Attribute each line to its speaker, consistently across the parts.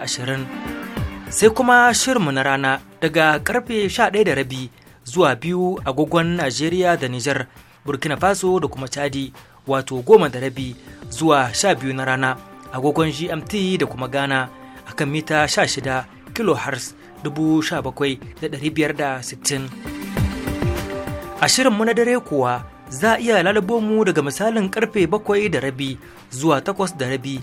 Speaker 1: ashirin sai kuma shirinmu na rana daga karfe rabi zuwa biyu agogon Najeriya da Nijar Burkina Faso da kuma Chadi wato goma da rabi zuwa sha biyu na rana agogon GMT da kuma Ghana a kan mita shida kHz dubu sha bakwai A shirinmu na dare kuwa za a iya lalabo mu daga misalin karfe bakwai da rabi zuwa takwas da rabi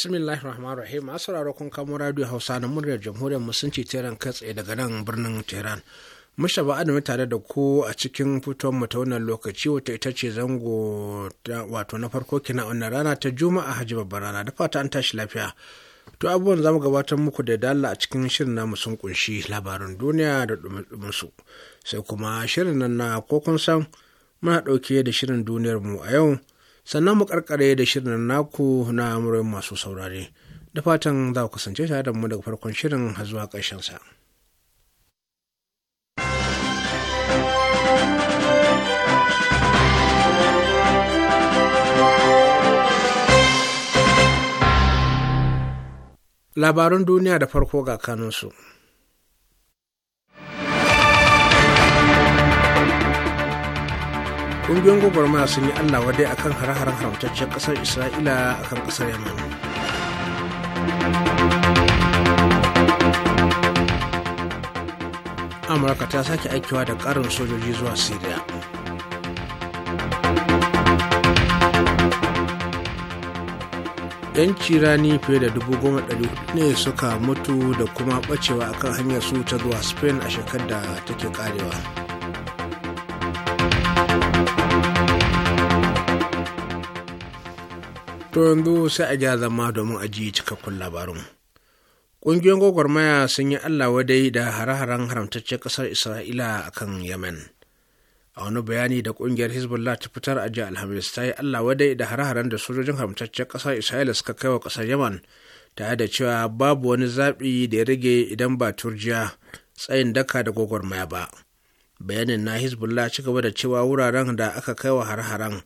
Speaker 2: bismillahir rahmanir rahim a sauraro kun kamo radio hausa na muryar jamhuriyar musulunci teran katse daga nan birnin tehran ba adamu tare da ku a cikin fitowar mu ta wannan lokaci wata ita ce zango wato na farko kina wannan rana ta juma'a hajji babbar rana da fata an tashi lafiya to abubuwan zamu gabatar muku da dalla a cikin shirin namu sun kunshi labarin duniya da dumin su sai kuma shirin nan na ko kun san muna dauke da shirin duniyar mu a yau sannan mu karkare da shirin naku na amurin masu saurare da fatan za ku kasance tare da mu daga farkon shirin har zuwa ƙarshen sa. Labaran duniya da farko ga kanunsu. ƙungiyoyin gwagwarmaya sun yi allah wadai akan hare-haren haramtaccen ƙasar isra'ila akan ƙasar yaman amurka ta sake aikewa da karin sojoji zuwa syria yan cirani fiye da dubu goma ɗari ne suka mutu da kuma ɓacewa akan hanyar su ta zuwa spain a shekar da take karewa To yanzu sai a gyara zama domin a ji cikakkun labarin. Ƙungiyoyin gwagwarmaya sun yi Allah wadai da hare-haren haramtaccen ƙasar Isra'ila a kan Yemen. A wani bayani da ƙungiyar Hezbollah ta fitar a jiya Alhamis ta yi Allah wadai da hare da sojojin haramtacce ƙasar Isra'ila suka kai wa ƙasar Yemen tare da cewa babu wani zaɓi da ya rage idan ba turjiya tsayin daka da gwagwarmaya ba. Bayanin na Hezbollah ci gaba da cewa wuraren da aka kai wa hare-haren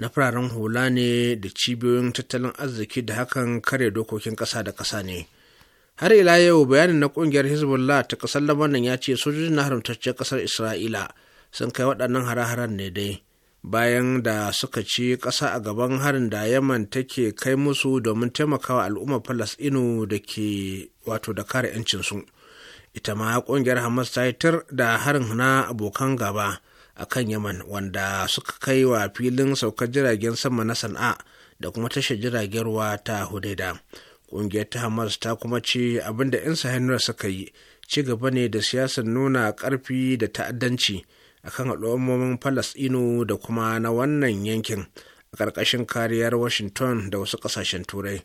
Speaker 2: na fararen hula ne da cibiyoyin tattalin arziki da hakan kare dokokin ƙasa da ƙasa ne har ila yau bayanin na ƙungiyar hezbollah ta ƙasar labanan ya ce sojojin na haramtacciyar ƙasar isra'ila sun kai waɗannan hare-haren ne dai bayan da suka ci ƙasa a gaban harin da yaman take kai musu domin taimakawa al'ummar falasɗinu da ke wato da kare 'yancinsu ita ma ƙungiyar hamas ta yi tar da harin na abokan gaba a kan yaman wanda suka kai wa filin saukar jiragen sama na sana'a da kuma tashar jiragen ruwa ta hudaida ƙungiyar ta hamas ta kuma ce abinda 'yan sahanuwa suka yi ci gaba ne da siyasar nuna ƙarfi da ta'addanci akan al'ummomin falasɗinu da kuma na wannan yankin a ƙarƙashin kariyar washington da wasu ƙasashen turai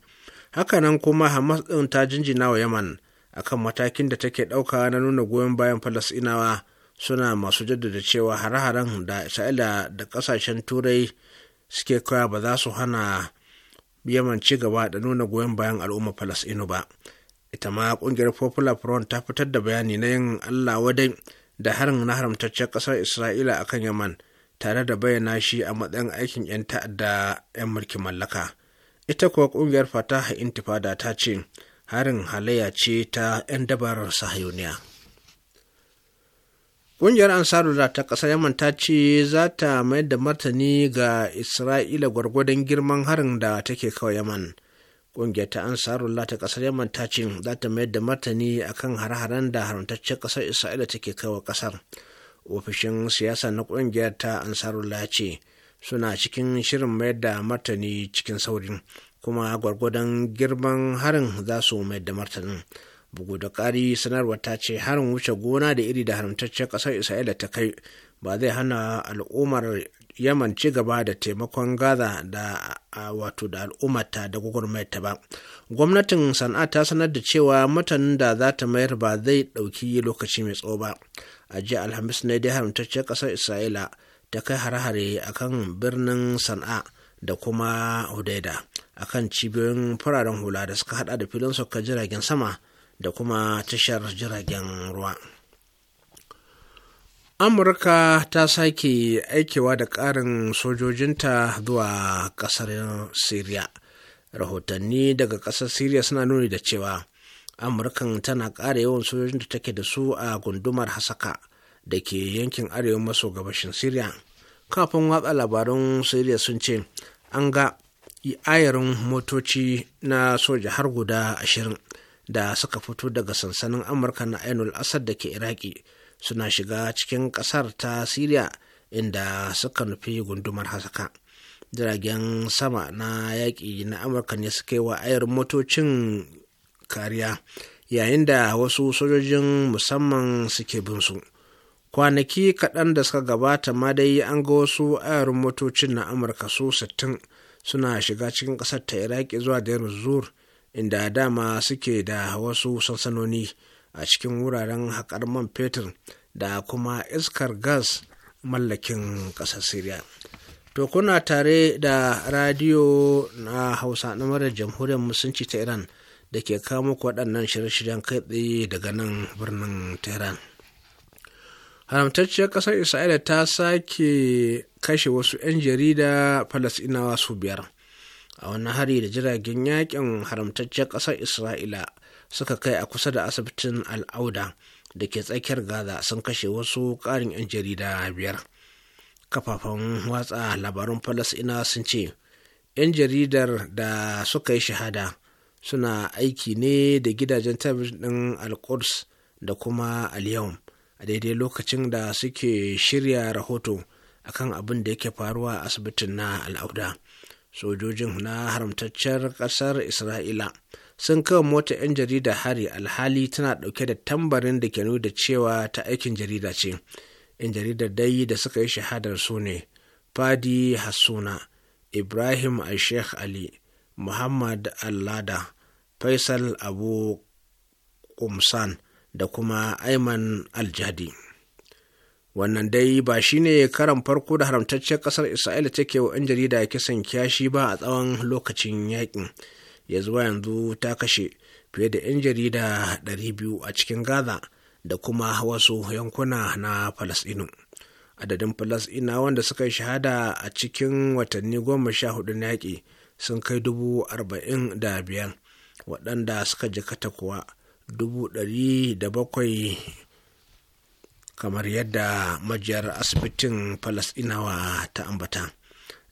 Speaker 2: hakanan kuma hamas ɗin ta jinjina wa yaman akan matakin da take ɗauka na nuna goyon bayan falasɗinawa suna masu jaddada cewa hare-haren da isra'ila da kasashen turai suke kawai ba za su hana yaman ci gaba da nuna goyon bayan al'umma inu ba ita ma ƙungiyar popular front ta fitar da bayani na yin allah wadai da harin na haramtaccen ƙasar isra'ila a kan yaman tare da bayyana shi a matsayin aikin 'yan ta'adda 'yan mulkin mallaka ita kuwa ƙungiyar fataha intifada ta ce harin halayya ce ta 'yan dabarar sahayuniya Ƙungiyar ansarula ta ƙasar Yaman ta ce za ta mayar da martani ga Isra'ila gwargwadon girman harin da take kawo Yaman. Ƙungiyar ta Ansarullah ta ƙasar Yaman ta ce za ta mayar da martani akan hare-haren da haramtaccen ƙasar Isra'ila take kawo ƙasar. Ofishin siyasa na ƙungiyar ta Ansarullah ce suna cikin shirin mayar da martani cikin saurin kuma gwargwadon girman harin za su mayar da martanin. bugu da ƙari sanarwar ta ce harin wuce gona da iri da haramtaccen ƙasar isra'ila ta kai ba zai hana al'ummar yaman ci gaba da taimakon gaza da wato da al'ummata da gwagwarmayarta ba gwamnatin sana'a ta sanar da cewa mutanen da za ta mayar ba zai ɗauki lokaci mai tsawo ba a jiya alhamis ne dai haramtacciyar ƙasar isra'ila ta kai hare-hare a kan birnin sana'a da kuma hudaida a kan cibiyoyin fararen hula da suka hada da filin suka jiragen sama da kuma tashar jiragen ruwa amurka ta sake aikewa da ƙarin sojojinta zuwa ƙasar syria rahotanni daga ƙasar syria suna nuni da cewa amurkan tana ƙara yawan sojojin da take da su a gundumar hasaka da ke yankin arewa maso gabashin syria kafin watsa labarun syria sun ce an ga ayarin motoci na soja har guda ashirin da suka fito daga sansanin amurka na ainul asad da ke iraki suna shiga cikin ƙasar ta Siriya inda suka nufi gundumar hasaka jiragen sama na yaƙi na amurka ne suka yi wa ayar motocin kariya yayin da wasu sojojin musamman suke bin su kwanaki kaɗan da suka gabata ma dai an ga wasu ayar motocin na amurka su 60 suna shiga cikin ƙasar ta iraki zuwa da zuwa inda dama suke da wasu sansanoni a cikin wuraren haƙar man fetur da kuma iskar gas mallakin ƙasar syria to kuna tare da radiyo na hausa na marar jamhuriyar musulunci ta iran da ke kawo muku waɗannan shirye-shiryen kai tsaye daga nan birnin tehran haramtacciyar ƙasar isra'ila ta sake kashe wasu 'yan jarida falasɗinawa su biyar a wani hari da jiragen yakin haramtaccen ƙasar isra'ila suka kai a kusa da asibitin al'auda da ke tsakiyar gaza sun kashe wasu ƙarin 'yan jarida biyar kafafen watsa labarun falasina sun ce 'yan jaridar da suka yi shahada suna aiki ne da gidajen talabijin ɗin alquds da kuma alyawm a daidai lokacin da suke shirya rahoto akan abin da yake faruwa asibitin na al'auda sojojin na haramtaccen ƙasar isra'ila sun kawo mota 'yan jarida hari alhali tana ɗauke da tambarin da ke nuna cewa ta aikin jarida ce 'yan jaridar dai da suka yi shahadar su ne fadi hassuna ibrahim sheikh ali muhammad allada faisal abu kumsan da kuma aiman aljadi wannan dai ba shine karan farko da haramtacciyar ƙasar isra'ila take wa 'yan jarida kisan kyashi ba a tsawon lokacin yakin ya zuwa yanzu ta kashe fiye da 'yan jarida 200 a cikin gaza da kuma wasu yankuna na falasɗinu adadin falasɗina wanda suka yi shahada a cikin watanni goma sha hudu na yaƙi sun kai dubu arba'in da biyar waɗanda suka jikata kuwa dubu ɗari da bakwai kamar yadda majiyar asibitin falasɗinawa ta ambata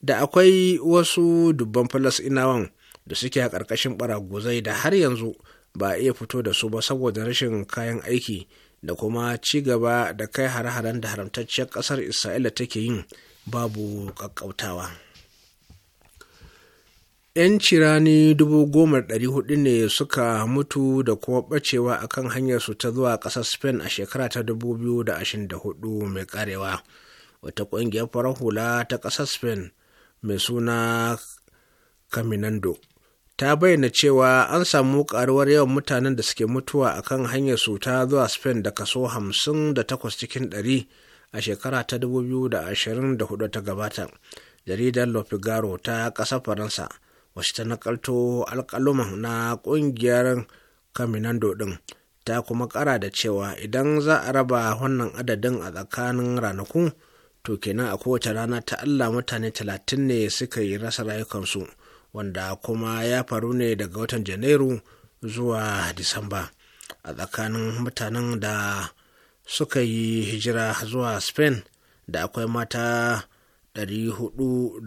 Speaker 2: da akwai wasu dubban falasɗinawan da suke a ƙarƙashin baraguzai da har yanzu ba a iya fito da su ba saboda rashin kayan aiki da kuma ci gaba da kai hare-haren da haramtacciyar ƙasar isra'ila take yin babu ƙaƙƙautawa. 'yan cirani dubu goma ɗari hudu ne suka mutu da kuma ɓacewa a kan hanyarsu ta zuwa ƙasar spain a shekara ta 2024 mai karewa wata ƙungiyar farar hula ta ƙasar spain mai suna caminando ta bayyana cewa an samu karuwar yawan mutanen da suke mutuwa a kan hanyar su ta zuwa spain da kaso 58 cikin 100 a shekara ta 2024 ta gabata jaridar lopigaro ta ƙasar faransa wacce ta nakalto alkaluman na kungiyar kaminando ɗin ta kuma kara da cewa idan za a raba wannan adadin a tsakanin ranaku to kenan a kowace rana ta allah mutane talatin ne suka yi rasa rayukansu wanda kuma ya faru ne daga watan janairu zuwa disamba a tsakanin mutanen da suka yi hijira zuwa spain da akwai mata 441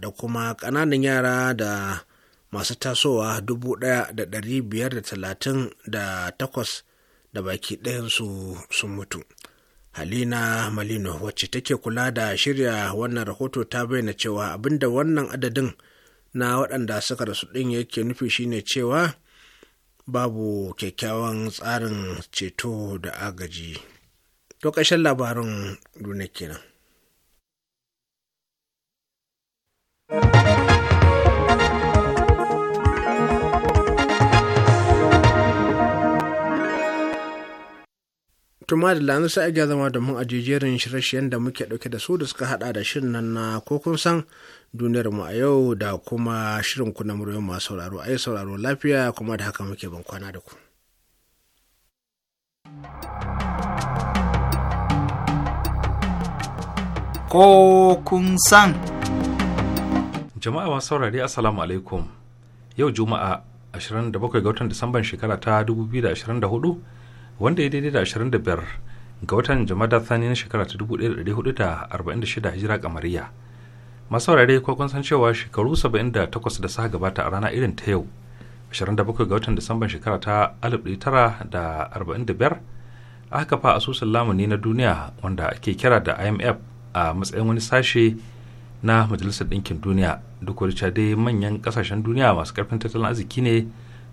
Speaker 2: da kuma ƙananan yara da masu tasowa 1,538 da da baki ɗayansu sun mutu. Halina Malino wacce take kula da shirya wannan rahoto ta bayyana cewa abinda wannan adadin na waɗanda suka rasu ɗin yake nufi shine cewa babu kyakkyawan tsarin ceto da agaji. To ƙarshen labarin duniya kenan. tuma da lanar sai ga zama da mun a jejerin shirye-shiryen da muke dauke da su da suka hada da shirin nan na ko kun san duniyar mu a yau da kuma shirin ku na muryoyin masu sauraro ai sauraro lafiya kuma da haka muke ban kwana da ku.
Speaker 1: Ko kun san.
Speaker 3: Jama'a masu saurari Assalamu alaikum. Yau Juma'a 27 ga watan Disamban shekara ta 2024 wanda ya daidai da 25 ga watan jama'a sani na shekara ta 1446 hijira kamariya masu wurare ko kun san cewa shekaru 78 da suka gabata a rana irin ta yau 27 ga watan disamban shekara ta 1945 aka kafa asusun lamuni na duniya wanda ake kira da imf a matsayin wani sashe na majalisar ɗinkin duniya duk wadda dai manyan kasashen duniya masu karfin tattalin arziki ne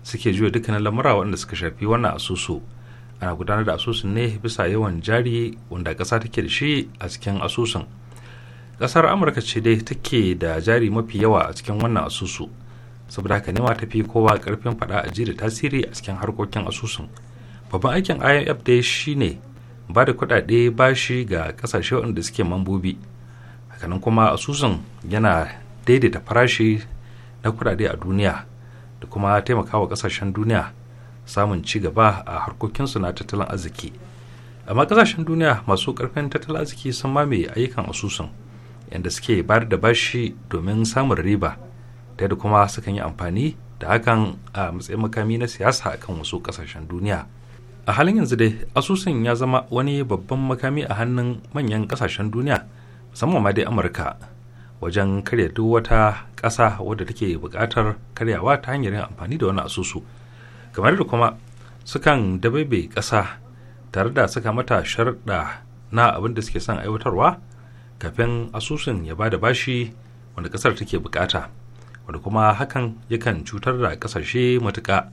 Speaker 3: suke juya dukkanin lamura waɗanda suka shafi wannan asusu ana gudanar da asusun ne bisa yawan jari wanda ƙasa take da shi a cikin asusun ƙasar amurka ce dai take da jari mafi yawa a cikin wannan asusu saboda haka nema fi kowa ƙarfin faɗa a da tasiri a cikin harkokin asusun babban aikin imf dai shine ba da kuɗaɗe bashi ga ƙasashe waɗanda suke mambobi hakanan kuma asusun yana daidaita farashi na kuɗaɗe a duniya da kuma taimakawa kasashen duniya samun ci gaba a harkokinsu na tattalin arziki amma kasashen duniya masu karfin tattalin arziki sun mamaye ayyukan asusun yadda suke bayar da bashi domin samun riba ta da kuma sukan yi amfani da hakan a matsayin makami na siyasa akan wasu kasashen duniya a halin yanzu dai asusun ya zama wani babban makami a hannun manyan kasashen duniya musamman ma dai amurka wajen karya duk wata ƙasa wadda take bukatar karyawa ta hanyar yin amfani da wani asusu kamar da kuma sukan dabaibe ƙasa tare da suka mata sharɗa na abin da suke son aiwatarwa kafin asusun ya ba da bashi wanda ƙasar take bukata wanda kuma hakan yakan cutar da ƙasashe matuka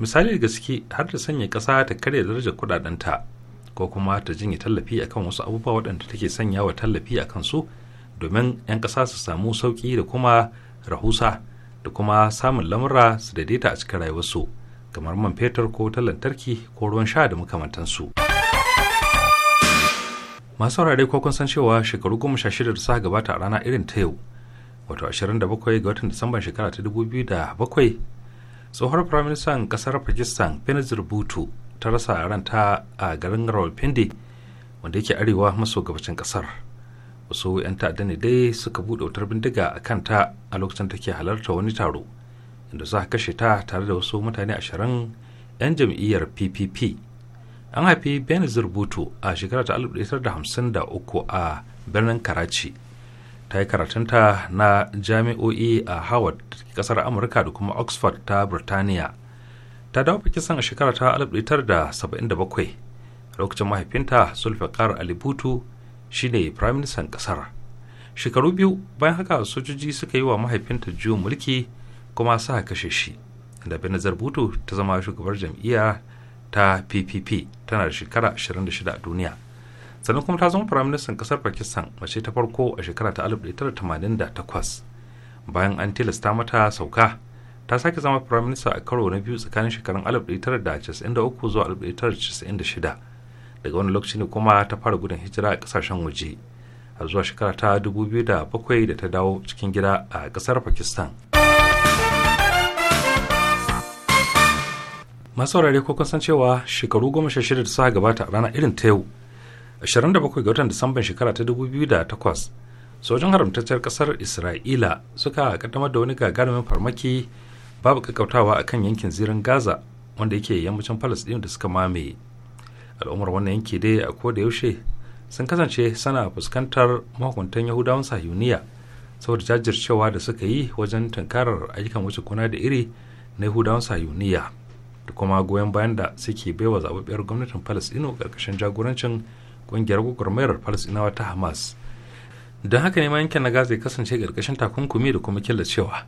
Speaker 3: misali da gaske har da sanya ƙasa ta karya darajar kuɗaɗenta ko kuma ta jinye tallafi akan wasu abubuwa waɗanda take sanya wa tallafi akan su domin 'yan ƙasa su samu sauƙi da kuma rahusa da kuma samun lamura su daidaita a cikin rayuwarsu. kamar man fetur ko ta lantarki ko ruwan sha da makamantansu. masu saurare ko kun san cewa shekaru goma sha shida da suka gabata a rana irin ta yau wato 27 ga watan disamban shekara ta 2007 tsohuwar firaministan kasar pakistan benazir bhutto ta rasa ranta a garin rawalpindi wanda yake arewa maso gabacin kasar wasu 'yan ta'adda ne dai suka buɗe wutar bindiga a kanta a lokacin take halarta wani taro inda za kashe ta tare da wasu mutane ashirin 'yan jam'iyyar ppp an haifi benazir bhutto a shekara ta 1953 a birnin karachi ta yi karatunta na jami'o'i a howard kasar amurka da kuma oxford ta birtaniya ta dawo pakistan a shekara ta 1977 lokacin mahaifinta zulfikar ali bhutto shine firaministan kasar shekaru biyu bayan haka sojoji suka yi wa mahaifinta juyin mulki kuma sa kashe shi da benazir butu ta zama shugabar jam'iyya ta ppp tana da shekara 26 a duniya sannan kuma ta zama firaministan kasar pakistan mace ta farko a shekara ta 1988 bayan an tilasta mata sauka ta sake zama firaminista a karo na biyu tsakanin shekarun 1993 zuwa 1996 daga wani lokaci ne kuma ta fara gudun hijira a kasashen waje a zuwa shekara ta 2007 da ta dawo cikin gida a kasar pakistan masu ko kasancewa cewa shekaru goma sha shida da suka gabata a rana irin ta yau 27 ga watan disamban shekara ta 2008 sojin haramtacciyar kasar isra'ila suka kaddamar da wani gagarumin farmaki babu kakkautawa a kan yankin zirin gaza wanda yake yammacin din da suka mamaye al'ummar wannan yanki dai a koda yaushe sun kasance sana fuskantar mahukuntan yahudawan sahiyuniya saboda jajircewa da suka yi wajen tunkarar ayyukan wuce kuna da iri na yahudawan sahiyuniya da kuma goyon bayan da suke baiwa zababbiyar gwamnatin palestino karkashin jagorancin ƙungiyar gwagwarmayar palestinawa ta hamas don haka ne ma yankin na gaza ya kasance karkashin takunkumi da kuma killacewa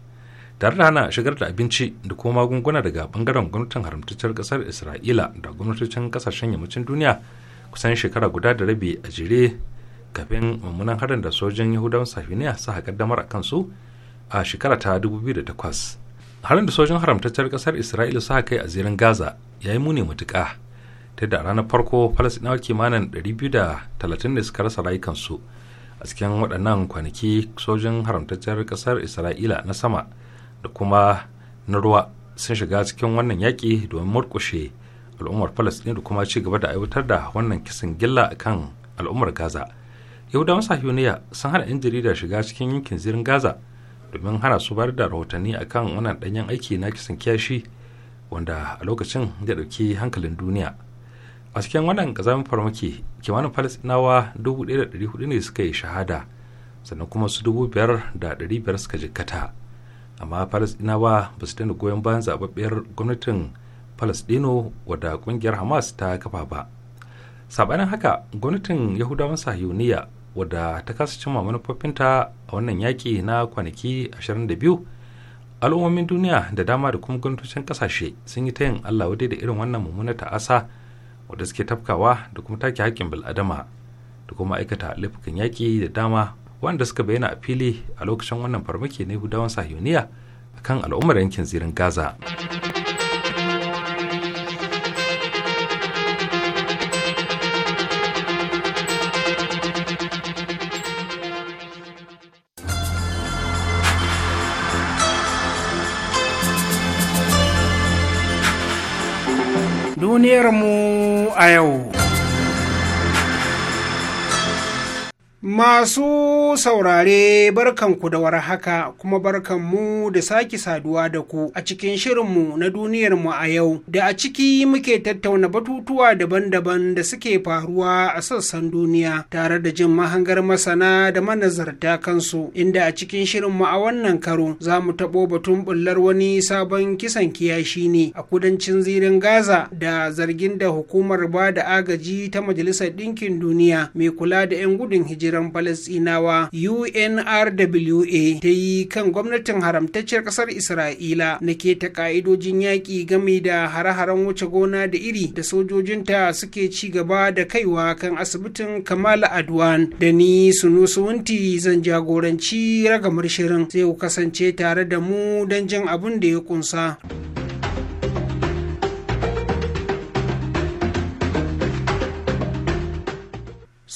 Speaker 3: tare da hana shigar da abinci da kuma magunguna daga bangaren gwamnatin haramtaccen kasar isra'ila da gwamnatocin kasashen yammacin duniya kusan shekara guda da rabi a jere kafin mummunan harin da sojin yahudawan safiniya su haƙaddamar a kansu a shekara ta 2008 harin da sojin haramtaccen kasar isra'ila suka kai a zirin gaza ya yi muni matuƙa ta da ranar farko falasinawa kimanin 230 da suka rasa rayukansu a cikin waɗannan kwanaki sojin haramtaccen kasar isra'ila na sama da kuma na ruwa sun shiga cikin wannan yaƙi domin murƙushe al'ummar falasɗin da kuma ci gaba da aiwatar da wannan kisan gilla a kan al'ummar gaza yahudawan sahiyoniya sun hana 'yan jarida shiga cikin yankin zirin gaza domin hana su bayar da rahotanni a kan wannan ɗanyen aiki na kisan kiyashi wanda a lokacin da ɗauki hankalin duniya a cikin wannan kazamin farmaki kimanin falasinawa 1,400 ne suka yi shahada sannan kuma su 5,500 suka jikkata amma falasinawa ba su daina goyon bayan zababbiyar gwamnatin falasdino wadda kungiyar hamas ta kafa ba sabanin haka gwamnatin yahudawan sahiyoniya wadda ta kasa cimma manufofinta a wannan yaƙi na kwanaki 22 al'ummomin duniya da dama da kuma gwamnatocin ƙasashe sun yi ta yin allah wadai da irin wannan mummuna ta'asa wadda suke tafkawa da kuma take haƙƙin bil'adama da kuma aikata laifukan yaƙi da dama wanda suka bayyana a fili a lokacin wannan farmaki na yahudawan sahiyoniya akan al'ummar yankin zirin gaza
Speaker 2: duniyarmu
Speaker 4: a yau. Masu saurare barkanku da haka, kuma barkanmu da sake saduwa da ku a cikin shirinmu na duniyarmu a yau da a ciki muke tattauna batutuwa daban-daban da suke faruwa a sassan duniya tare da jin mahangar masana da manazarta kansu inda a cikin shirinmu a wannan karo za mu taɓo batun bullar wani sabon kisan kiyashi ne a kudancin zirin Gaza da zargin da hukumar ba da agaji ta Majalisar Ɗinkin Duniya mai kula da 'yan gudun hijira asiran falasɗinawa unrwa ta yi kan gwamnatin haramtacciyar ƙasar isra'ila na ke ta ƙa'idojin yaƙi game da hare-haren wuce gona da iri da sojojinta suke ci gaba da kaiwa kan asibitin kamala adwan da ni sunusuwunti zan jagoranci ragamar shirin sai ku kasance tare da mu don jin abin da ya kunsa.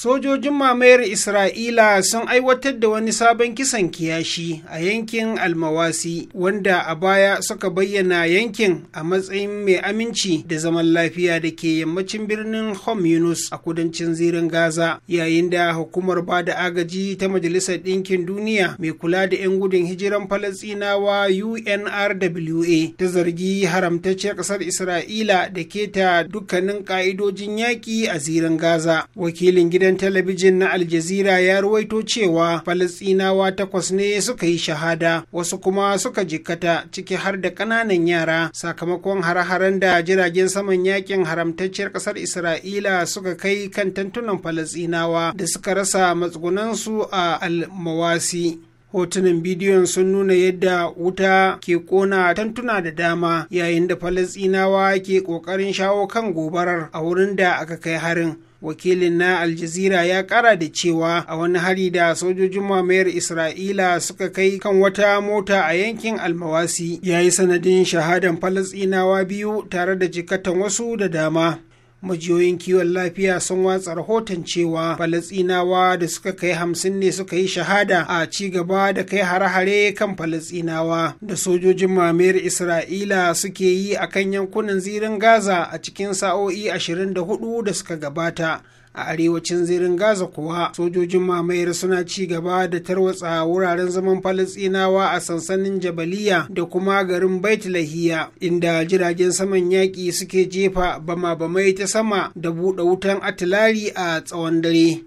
Speaker 4: sojojin mamayar isra'ila sun aiwatar da wani sabon kisan kiyashi a yankin almawasi wanda a baya suka bayyana yankin a matsayin mai aminci da zaman lafiya da ke yammacin birnin hom yunus a kudancin zirin gaza yayin da hukumar ba da agaji ta majalisar ɗinkin duniya mai kula da 'yan gudun hijiran falastinawa unrwa ta zargi haramtacce ƙasar isra'ila da keta dukkanin ƙa'idojin yaƙi a zirin gaza wakilin gidan gidan talabijin na aljazira ya ruwaito cewa falasinawa takwas ne suka yi shahada wasu kuma suka jikkata ciki har da ƙananan yara sakamakon hare-haren da jiragen saman yakin haramtacciyar ƙasar isra'ila suka kai kan tantunan falastinawa da suka rasa matsugunansu a almawasi hotunan bidiyon sun nuna yadda wuta ke kona tantuna da dama yayin da falasinawa ke ƙoƙarin shawo kan gobarar a wurin da aka kai harin wakilin na aljazira ya kara da cewa a wani hari da sojojin mamayar isra'ila suka kai kan wata mota a yankin almawasi ya yi sanadin shahadan falasinawa biyu tare da jikatan wasu da dama majiyoyin kiwon lafiya sun watsa rahoton cewa falasinawa da suka kai hamsin ne suka yi shahada a ci gaba da kai hare-hare kan falasinawa da sojojin mamayar isra'ila suke yi a kan yankunan zirin gaza a cikin sa'o'i 24 da suka gabata a arewacin zirin gaza kuwa sojojin mamayar suna ci gaba da tarwatsa wuraren zaman falisinawa a sansanin jabaliya da kuma garin bait lahiya inda jiragen saman yaƙi suke jefa bama-bamai ta sama da buɗe wutan atilari a tsawon dare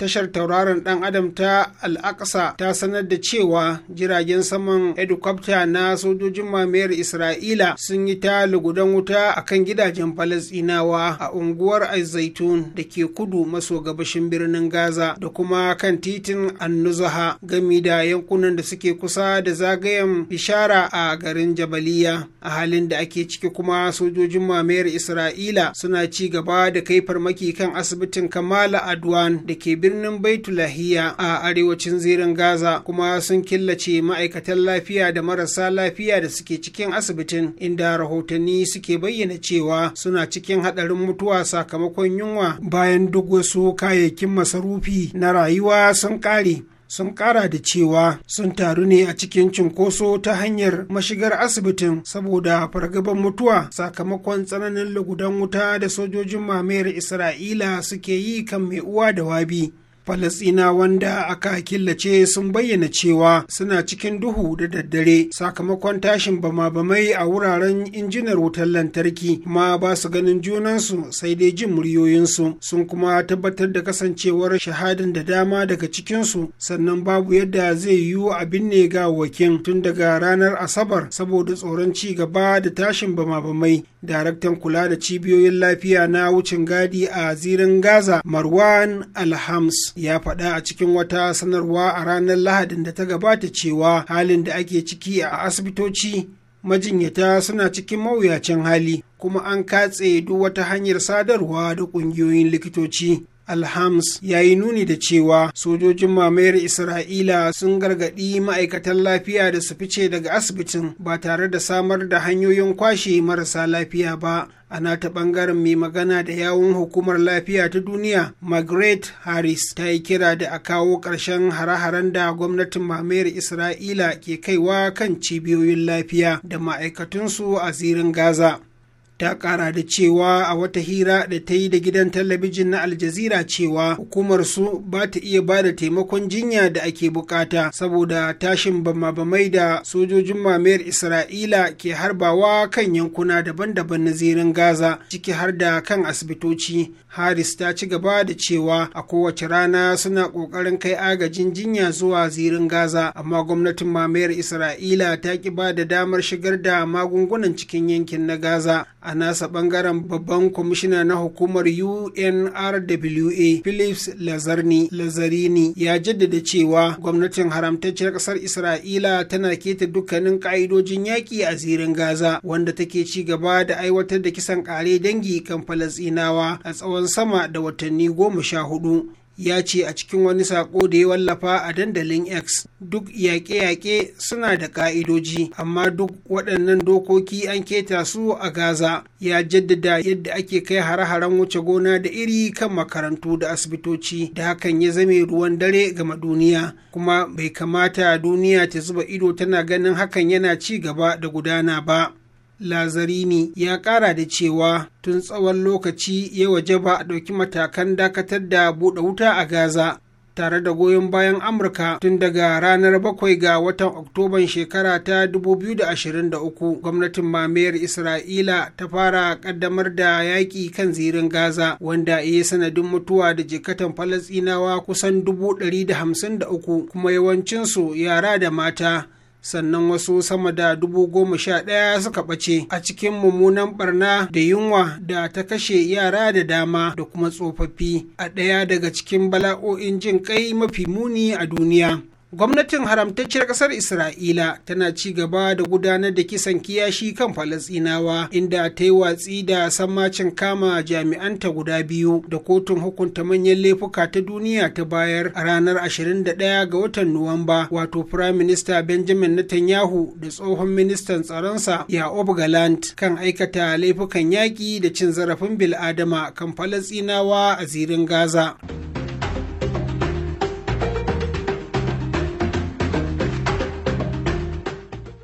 Speaker 4: tashar tauraron dan adam ta al'aqsa ta sanar da cewa jiragen saman helicopter na sojojin mamayar isra'ila sun yi ta lugudan wuta a kan gidajen falasinawa a unguwar aizaitun da ke kudu maso gabashin birnin gaza da kuma kan titin annuzaha gami da yankunan da suke kusa da zagayen bishara a garin jabaliya a halin da ake ciki kuma sojojin mamayar isra'ila suna ci gaba da kai farmaki kan asibitin kamala adwan da ke birnin birnin Baitulahiya a arewacin zirin Gaza kuma sun killace ma'aikatan lafiya da marasa lafiya da suke cikin asibitin inda rahotanni suke bayyana cewa suna cikin haɗarin mutuwa sakamakon yunwa bayan duk wasu kayayyakin masarufi na rayuwa sun ƙare. sun kara da cewa sun taru ne a cikin cunkoso ta hanyar mashigar asibitin saboda fargaban mutuwa sakamakon tsananin lugudan wuta da sojojin mamayar isra'ila suke yi kan mai uwa da wabi Falasina wanda aka killace sun bayyana cewa suna cikin duhu da daddare sakamakon tashin bama-bamai a wuraren injinar wutar lantarki kuma ba su ganin junansu sai dai jin muryoyinsu sun kuma tabbatar da kasancewar shahadin da dama daga cikinsu sannan babu yadda zai yiwu a binne ga wakin tun daga ranar asabar saboda tsoron ci gaba da tashin bama-bamai daraktan kula da cibiyoyin lafiya na wucin gadi a zirin gaza marwan alhams ya faɗa a cikin wata sanarwa a ranar lahadin da ta gabata cewa halin da ake ciki a asibitoci majinyata suna cikin mawuyacin hali kuma an katse duk wata hanyar sadarwa da ƙungiyoyin likitoci alhams ya yi nuni da cewa sojojin mamayar isra'ila sun gargaɗi ma'aikatan lafiya da su fice daga asibitin ba tare da samar da hanyoyin kwashe marasa lafiya ba a nata bangaren mai magana da yawun hukumar lafiya ta duniya margaret harris ta yi kira da a kawo ƙarshen hare-haren da gwamnatin mamayar isra'ila ke kaiwa kan cibiyoyin lafiya da ma'aikatunsu a zirin gaza ta kara da cewa a wata hira da ta yi da gidan talabijin na aljazira cewa hukumar su ba ta iya ba da taimakon jinya da ake bukata saboda tashin bama da sojojin mamayar isra'ila ke harbawa kan yankuna daban-daban na zirin gaza ciki har da kan asibitoci haris ta ci gaba da cewa a kowace rana suna kokarin kai agajin jinya zuwa zirin gaza amma gwamnatin mamayar isra'ila ta ki ba da damar shigar da magungunan cikin yankin na gaza a nasa bangaren babban kwamishina na hukumar unrwa philips lazarni lazarini ya jaddada cewa gwamnatin haramtacciyar kasar isra'ila tana keta dukkanin ka'idojin yaƙi a zirin gaza wanda take ci gaba da aiwatar da kisan kare dangi kan falasinawa a tsawon sama da watanni goma sha hudu ya ce a cikin wani sako da ya wallafa a dandalin x duk yaƙe-yaƙe suna da ƙa'idoji amma duk waɗannan dokoki an keta su a gaza ya jaddada yadda ake kai hare-haren wuce gona da iri kan makarantu da asibitoci da hakan ya zame ruwan dare gama duniya kuma bai kamata duniya ta zuba ido tana ganin hakan yana ci gaba da gudana ba Lazarini ya ƙara da cewa tun tsawon lokaci ya wajaba a ɗauki matakan dakatar da buɗe wuta a Gaza tare da goyon bayan Amurka tun daga ranar bakwai ga watan Oktoban shekara ta 2023 gwamnatin mamayar Isra'ila ta fara kaddamar da yaƙi kan zirin Gaza wanda ya sanadin mutuwa da jikatan Falasɗinawa kusan 153 kuma yawancinsu yara da mata. sannan wasu sama da dubu goma sha ɗaya suka ɓace a cikin mummunan barna da yunwa da ta kashe yara da dama da kuma tsofaffi a ɗaya daga cikin bala'o'in jin kai mafi muni a duniya gwamnatin haramtacciyar ƙasar isra'ila tana ci gaba da gudanar da kisan kiyashi kan falasinawa inda ta yi watsi da sammacin kama jami'anta guda biyu da kotun hukunta manyan laifuka ta duniya ta bayar a ranar 21 ga watan nuwamba wato prime minister benjamin netanyahu da tsohon ministan tsaronsa yaob galant kan aikata laifukan yaƙi da cin zarafin bil'adama kan falasinawa a zirin gaza.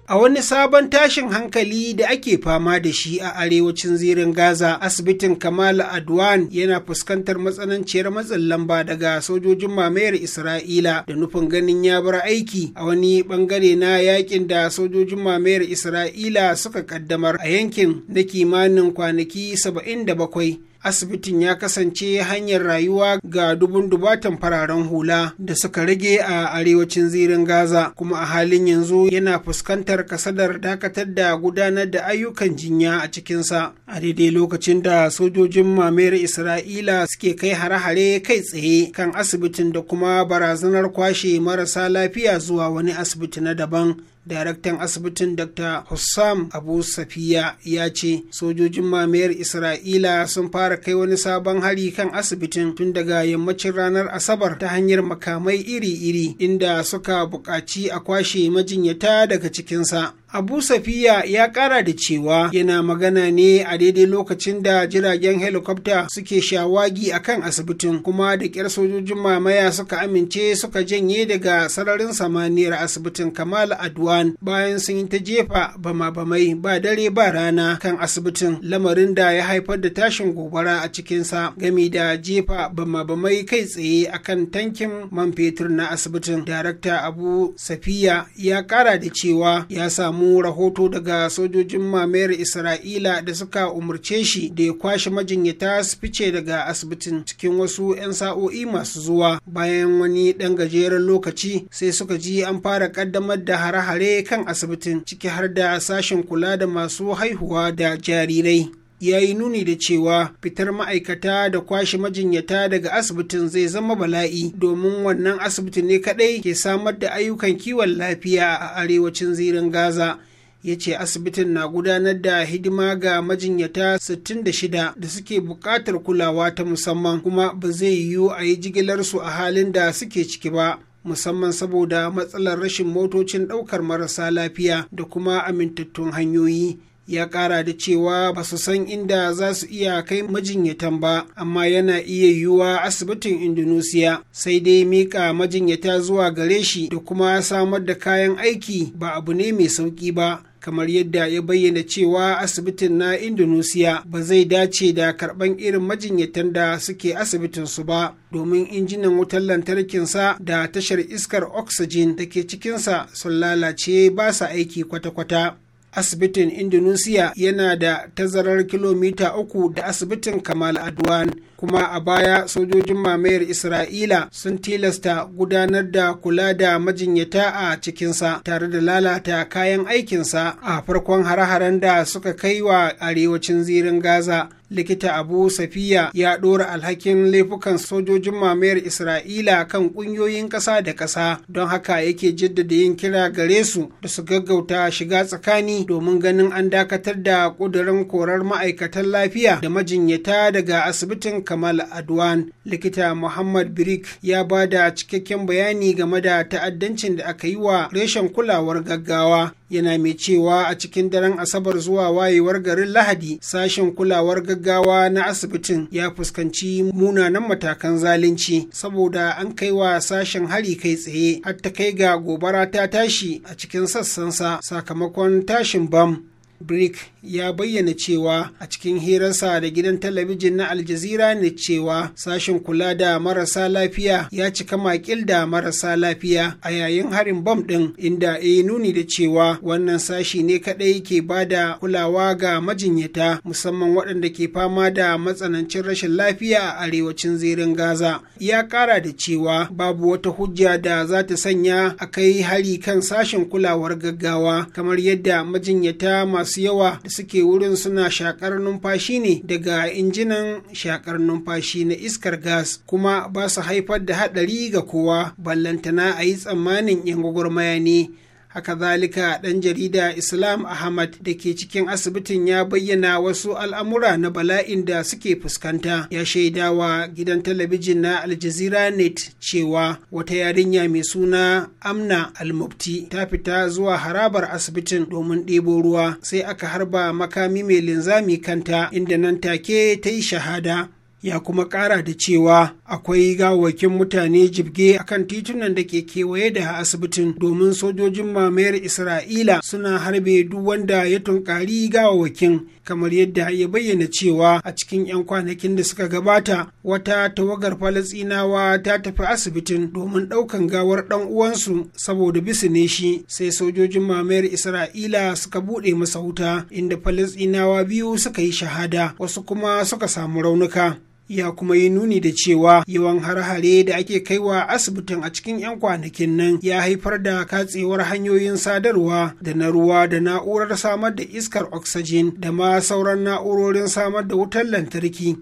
Speaker 4: a wani sabon tashin hankali da ake fama da shi a arewacin zirin gaza asibitin kamal adwan yana fuskantar matsananciyar matsin lamba daga sojojin mamayar isra'ila da nufin ganin ya bar aiki a wani bangare na yakin da sojojin mamayar isra'ila suka kaddamar a yankin na kimanin kwanaki 77 asibitin ya kasance hanyar rayuwa ga dubun dubatan fararen hula da suka rage a arewacin zirin gaza kuma a halin yanzu yana fuskantar kasadar dakatar da gudanar da ayyukan jinya a cikinsa a daidai lokacin da sojojin mamayar isra'ila suke kai hare-hare kai tsaye kan asibitin da kuma barazanar kwashe marasa lafiya zuwa wani asibiti na daban daraktan asibitin dr hussam abu safiya ya ce sojojin mamayar isra'ila sun fara kai wani sabon hari kan asibitin tun daga yammacin ranar asabar ta hanyar makamai iri-iri inda suka buƙaci a kwashe majinyata daga cikinsa abu safiya ya kara da cewa yana magana ne a daidai lokacin da jiragen helikwafta suke shawagi a kan asibitin kuma da ƙyar sojojin mamaya suka amince suka janye daga sararin samaniyar asibitin kamal adwan bayan sun yi ta jefa bama-bamai ba dare ba rana kan asibitin lamarin da ya haifar da tashin gobara a cikinsa gami da jefa bama-bamai kai tsaye a kan tankin man fetur na asibitin darakta abu safiya ya kara da cewa ya samu samu rahoto daga sojojin mamayar isra'ila da suka umarce shi da ya kwashe majinyata su fice daga asibitin cikin wasu 'yan sa'o'i masu zuwa bayan wani ɗan gajeren lokaci sai suka ji an fara ƙaddamar da hare-hare kan asibitin ciki har da sashen kula da masu haihuwa da jarirai ya yi nuni da cewa fitar ma'aikata da kwashe majinyata daga asibitin zai zama bala'i domin wannan asibiti ne kadai ke samar da ayyukan kiwon lafiya a arewacin zirin gaza ya ce asibitin na gudanar da hidima ga majinyata 66 da suke buƙatar kulawa ta musamman kuma ba zai yiwu a yi jigilarsu a halin da suke ciki ba musamman saboda matsalar rashin motocin ɗaukar marasa lafiya da kuma amintattun hanyoyi ya kara da cewa ba su san inda za su iya kai majinyatan ba amma yana iya yiwuwa asibitin indonesia sai dai mika majinyata zuwa gare shi da kuma samar da kayan aiki ba abu ne mai sauki ba kamar yadda ya bayyana cewa asibitin na indonesia ba zai dace da karban irin majinyatan da suke asibitinsu ba domin injinan wutar lantarkinsa da tashar iskar oxygen da ke cikinsa sun lalace ba sa aiki kwata-kwata asibitin indonesia yana da tazarar kilomita uku da asibitin kamal adwan kuma a baya sojojin mamayar isra'ila sun tilasta gudanar da kula da majinyata a cikinsa tare da lalata kayan aikinsa a farkon hare-haren da suka kai wa arewacin zirin gaza likita abu safiya ya ɗora alhakin laifukan sojojin mamayar isra'ila kan ƙungiyoyin ƙasa da ƙasa don haka yake jaddada yin kira gare su da su gaggauta shiga tsakani domin ganin an dakatar da ƙudurin korar ma'aikatan lafiya da majinyata daga asibitin kamal adwan likita muhammad birik ya ba da cikakken bayani game da ta'addancin da aka yi wa reshen kulawar gaggawa yana mai cewa a cikin daren asabar zuwa wayewar garin lahadi sashen kulawar gaggawa na asibitin ya fuskanci munanan matakan zalunci saboda an kai wa sashen hari kai tsaye har ta kai ga gobara ta tashi a cikin sassansa sakamakon tashin bam brick ya bayyana cewa a cikin hirarsa da gidan talabijin na aljazira ne cewa sashen kula da marasa lafiya ya cika makil da marasa lafiya a yayin harin bom ɗin inda ya yi nuni da cewa wannan sashi ne kaɗai ke ba da kulawa ga majinyata musamman waɗanda ke fama da matsanancin rashin lafiya a arewacin zirin gaza ya ƙara da cewa babu wata hujja da za ta sanya a kai hari kan sashen kulawar gaggawa kamar yadda majinyata masu yawa da suke wurin suna shakar numfashi ne daga injinan shakar numfashi na iskar gas kuma ba su haifar da haɗari ga kowa ballantana a yi tsammanin 'yan gwagwarmaya ne haka zalika ɗan jarida islam ahmad da ke cikin asibitin ya bayyana wasu al'amura na bala'in da suke fuskanta ya shaidawa gidan talabijin na Aljazeera net cewa wata yarinya mai suna amna almubti ta fita zuwa harabar asibitin domin ɗebo ruwa sai aka harba makami mai linzami kanta inda nan take ta yi shahada ya kuma ƙara da cewa akwai gawakin mutane jibge a kan titunan da ke kewaye da asibitin domin sojojin mamayar isra'ila suna harbe duk wanda ya tunkari gawakin kamar yadda ya bayyana cewa a cikin 'yan kwanakin da suka gabata wata tawagar falasinawa ta tafi asibitin domin ɗaukan gawar ɗan uwansu saboda bisu ne shi sai sojojin mamayar isra'ila suka buɗe masa wuta inda falasinawa biyu suka yi shahada wasu kuma suka samu raunuka ya kuma yi nuni da cewa yawan har-hare da ake kaiwa asibitin a cikin 'yan kwanakin nan ya haifar da katsewar hanyoyin sadarwa da na ruwa da na'urar samar da iskar oxygen da ma sauran na'urorin samar da wutar lantarki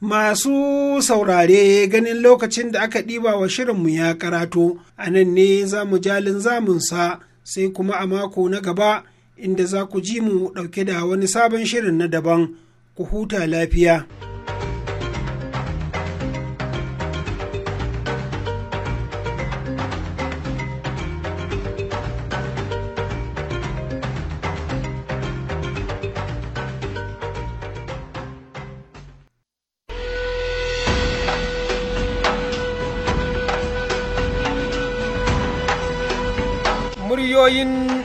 Speaker 4: masu saurare ganin lokacin da aka ɗiba wa shirinmu ya karato a nan ne za mu jalin zamunsa sai kuma a mako na gaba inda za ku ji mu ɗauke da wani sabon shirin na daban ku huta lafiya.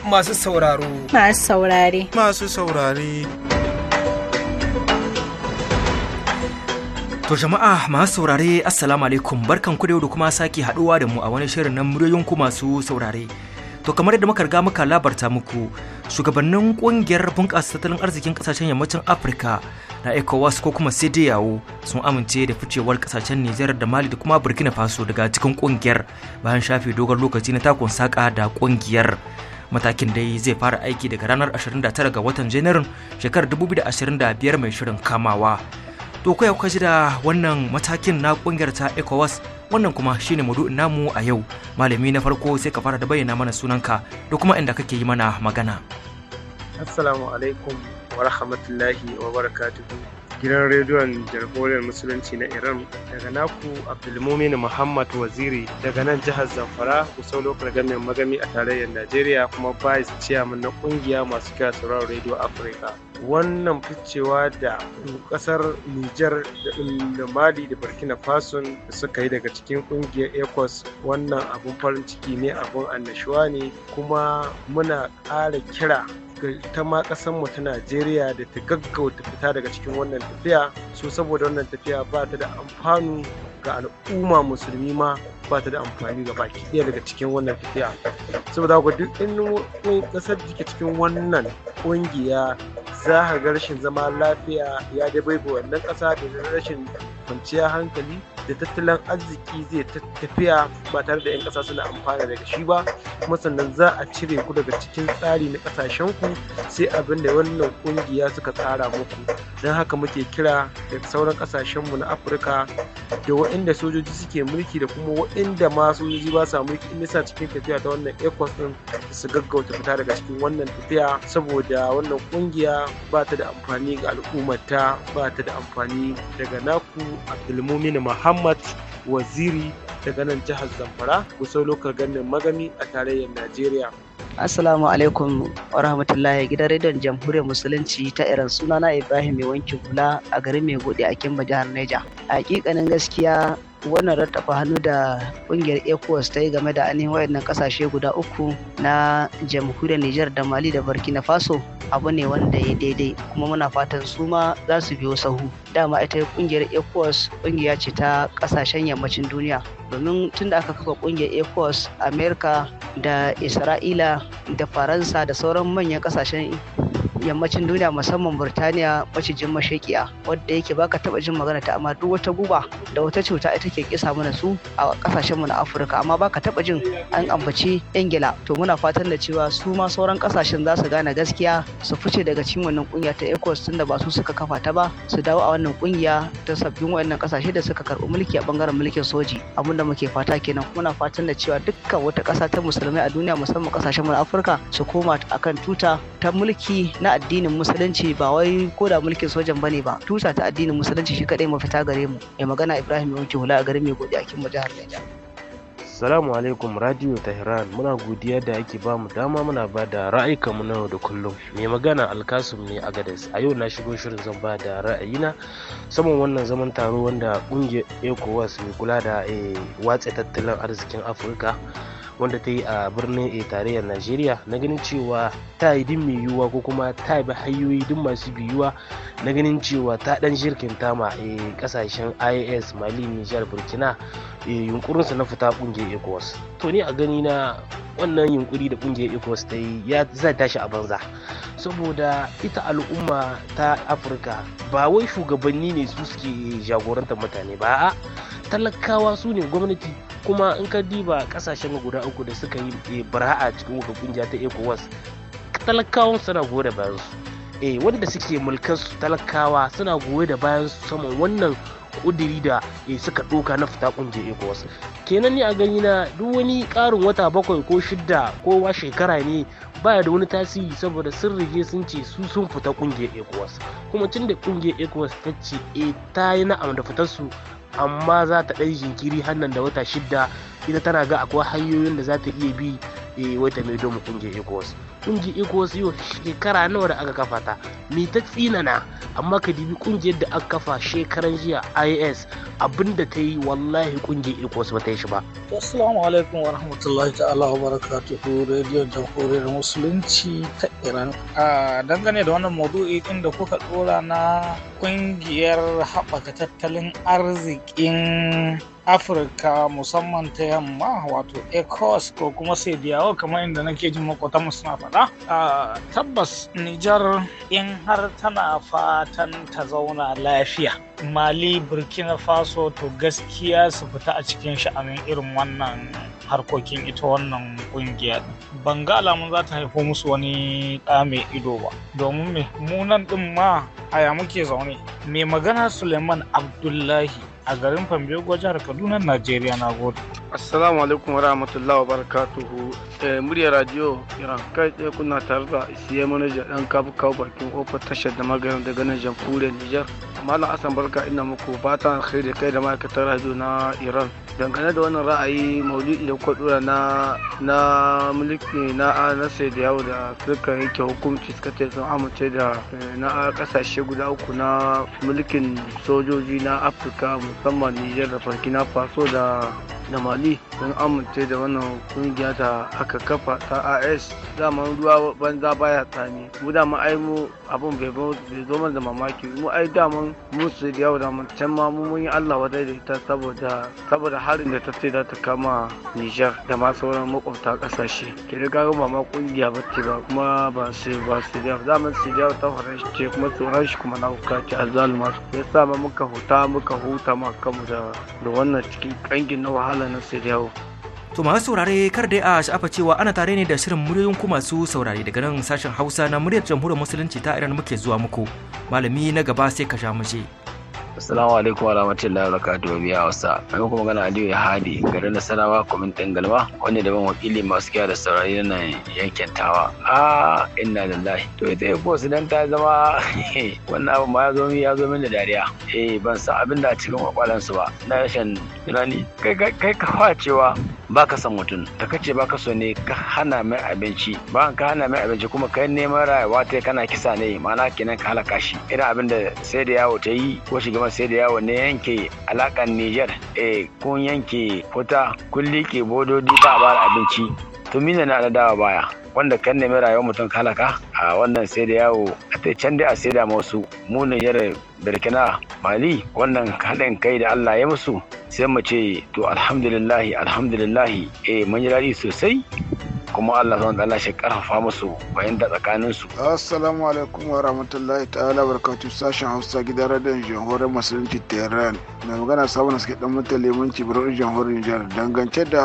Speaker 4: masu sauraro.
Speaker 5: Masu saurare. Masu
Speaker 1: saurare. To jama'a masu saurare assalamu alaikum barkan ku da kuma sake haduwa da mu a wani shirin na muryoyin ku masu saurare. To kamar yadda muka riga muka labarta muku shugabannin kungiyar bunƙasa tattalin arzikin kasashen yammacin Afirka na ECOWAS ko kuma yawo sun amince da ficewar kasashen Nijar da Mali da kuma Burkina Faso daga cikin kungiyar bayan shafe dogon lokaci na takon saka da kungiyar. matakin dai zai fara aiki daga ranar 29 ga watan janairun shekarar 2025 mai shirin kamawa to kai kuka ji da wannan matakin na kungiyar ta ecowas wannan kuma shine maudu'in namu a yau malami na farko sai ka fara da bayyana mana sunanka da kuma inda kake yi mana magana
Speaker 6: assalamu alaikum wa rahmatullahi wa barakatuhu gidan rediyon jamhuriyar musulunci na iran daga naku abdulmumin muhammad waziri daga nan jihar zamfara kusan lokal gamin magami a tarayyar najeriya kuma vice chairman na kungiya masu kira sauraron radio africa wannan ficewa da kasar niger da mali da burkina faso da suka yi daga cikin kungiyar ecos wannan abun farin ciki ne abun annashuwa ne kuma muna ƙara kira ta ma mu ta najeriya da ta gaggauta fita daga cikin wannan tafiya so saboda wannan tafiya ba ta da amfanu ga al'umma musulmi ma ba ta da amfani ga baki ɗaya daga cikin wannan tafiya saboda ku duk in ƙasar da cikin wannan ƙungiya za ka ga rashin zama lafiya ya dabaiba wannan ƙasa da rashin kwanciya hankali da tattalin arziki zai tafiya ba tare da 'yan ƙasa suna amfana daga shi ba kuma sannan za a cire ku daga cikin tsari na ƙasashen ku, sai abin da wannan ƙungiya suka tsara muku don haka muke kira da sauran ƙasashenmu na afirka da waɗanda sojoji suke mulki da kuma wa'inda ma sojoji ba sa mulki in sa cikin tafiya ta wannan ecos din su gaggauta fita daga cikin wannan tafiya saboda wannan kungiya ba ta da amfani ga al'ummata ba ta da amfani daga naku abdulmumin muhammad waziri daga nan jihar zamfara kusa lokar ganin magami a tarayyar najeriya
Speaker 7: Assalamu alaikum wa rahmatullahi gidan rediyon jamhuriyar musulunci ta Iran sunana Ibrahim mai wankin hula a garin mai Gode a Kimba jihar Neja. Hakikanin gaskiya wannan rattafa hannu da ƙungiyar ecowas ta yi game da ainihin wayannan kasashe guda uku na jamhuriyar Nijar da mali da burkina faso abu ne wanda ya daidai kuma muna fatan su ma za su biyo sahu dama ita kungiyar ecowas ƙungiya ce ta ƙasashen yammacin duniya domin tun da aka kafa kungiyar ecowas america da isra'ila da faransa da sauran manyan kasashen yammacin duniya musamman burtaniya macijin mashaƙiya wadda yake baka taba jin magana ta amma duk wata guba da wata cuta ita ke kisa mana su a kasashenmu na afirka amma baka taba jin an ambaci ingila to muna fatan da cewa su ma sauran kasashen za su gane gaskiya su fice daga cikin wannan kungiya ta ecos tunda ba su suka kafa ta ba su dawo a wannan kungiya ta sabbin wayannan kasashe da suka karbi mulki a bangaren mulkin soji abinda muke fata kenan muna fatan da cewa dukkan wata ƙasa ta musulmai a duniya musamman kasashenmu na afirka su koma akan tuta ta mulki na na addinin musulunci ba wai ko da mulkin sojan bane ba tusa ta addinin musulunci shi kadai mafita gare mu mai magana Ibrahim Yanki Hula a garin mai godiya kin jihar Niger
Speaker 8: Salamu alaikum Radio Tehran muna godiya da ake ba mu dama muna ba da mu na yau da kullum. Mai magana Alkasum ne a Gadas. A yau na shigo shirin zan ba da ra'ayina saman wannan zaman taro wanda kungiyar ECOWAS mai kula da eh, watsa tattalin arzikin Afirka wanda ta yi a birnin eh, tarayyar najeriya na ganin cewa ta yi din mai yiwuwa ko kuma ta bi hanyoyi duk masu biyuwa na ganin cewa ta dan ta ma kasashen eh, is mali nijar burkina eh, yunkurinsa na fita kungiyar ecowas to ni a gani na wannan yunkuri da kungiyar ecowas ta yi ya zai tashi a banza saboda ita al'umma ta afirka ba wai shugabanni ne su suke jagorantar mutane ba a'a talakawa su ne gwamnati kuma in ka diba kasashen guda uku da suka yi eh, bara'a cikin wuka kungiya ta ecowas talakawan suna da bayan su eh wanda suke mulkan su talakawa suna goye da bayan su saman wannan kudiri da eh, suka doka na fita kungiyar ecowas kenan ni a gani na duk wani karin wata bakwai ko shida ko wa shekara ne baya da wani tasiri saboda sun rige sun ce su sun fita kungiyar ecowas kuma tun da kungiyar ecowas ta ce eh ta yi na'am da fitar su amma za ta ɗan jinkiri hannun da wata shidda ita tana ga akwai hanyoyin da za ta iya bi eh, wata mai domin kungiyar ecowas kungiyar iko yau shekara nawa da aka kafa ta mi ta tsinana amma ka dibi kungiyar da aka kafa shekaran jiya is abinda ta yi wallahi kungiyar iko ba ta yi shi ba assalamu alaikum wa rahmatullahi ta'ala wa barakatuhu radio jamhuriyar musulunci ta iran a dangane da wannan maudu'i din da kuka dora na kungiyar haɓaka tattalin arzikin afirka musamman ta yamma wato ecos ko kuma sediyawa kamar inda nake jin makwatamu suna faɗa tabbas nijar in har tana fatan ta zauna lafiya mali burkina faso to gaskiya su fita a cikin sha'anin irin wannan harkokin ita wannan kungiya ban ga alamun za ta haifo musu wani ɗa mai ido ba domin me munan ɗin ma ya muke zaune mai magana suleiman abdullahi
Speaker 9: a garin Fambego jihar Kaduna Najeriya na gode. Assalamu alaikum wa rahmatullahi wa barakatuhu. Eh, muryar radio Iran kai tsaye kuna tare da siya manajan ɗan kabu kawo bakin ofar tashar da maganin daga nan jamhuriyar Nijar. Malam Hassan Barka ina muku fatan alkhairi kai da ma'aikatar radio na Iran. Dangane da wannan ra'ayi maulidi da kuka dora na na mulki na na sai da yawo da suka yanke hukunci suka ce sun amince da eh, na kasashe guda uku na mulkin sojoji na Afirka musamman Nijar da Burkina Faso da da mali sun amince da wannan kungiya ta aka kafa ta as zaman ruwa banza baya tsami mu da ai mu abun bai zo mana da mamaki mu ai daman mu su da yau da can ma mu mun yi allah wadai da ita saboda saboda harin da ta ce za ta kama nijar da ma sauran makwabta kasashe ke da gano mama kungiya ba ce ba kuma ba su ba su da zaman su da ta fara shi ce kuma tsoron shi kuma na kuka ce azaluma ya sa ma muka huta muka huta ma kanmu da wannan cikin kangin na wahala alamin
Speaker 1: to masu saurare kar dai a sha'afa cewa ana tare ne da shirin muryoyin ku masu saurare daga nan sashen hausa na muryar jamhuriyar musulunci ta iran muke zuwa muku malami na gaba sai ka sha mu
Speaker 10: Assalamu alaikum wa rahmatullahi wa barakatuhu biya wasa. Mai kuma magana Aliyu Hadi garin Nasarawa kwamin ɗin Galma wanda daban wakili masu kiyaye da saurari na yankin Tawa. Ah inna lillahi. To ita ko su dan ta zama wannan abu ma ya zo min ya zo min da dariya. Eh ban san abin da a cikin kwakwalan su ba. Na rashin tunani kai ka fa cewa ba ka san mutum da kace ba so ne ka hana mai abinci Ba ka hana mai abinci kuma kai neman rayuwa ta kana kisa ne ma'ana kenan ka halaka shi irin abin da sai da yawo ta yi ko shugaban hukumar sai yawo ne yanke alakan Nijar e eh, kun yanke kuta kun liƙe bododi ba ba abinci to mina na da dawa baya wanda kan nemi rayuwar mutum kalaka a wannan sai da yawo a ta can dai a sai da masu mu Nijar Burkina Mali wannan haɗin kai da Allah ya musu sai mu ce to alhamdulillahi alhamdulillahi eh mun ji daɗi sosai kuma Allah zan Allah shi karfafa musu bayan da tsakanin su
Speaker 11: assalamu alaikum wa rahmatullahi ta'ala barkatu sashen Hausa gidan radiyon jamhuriyar musulunci Tehran mai magana sabon suke dan mutan limanci birnin jamhuriyar Nijar dangance da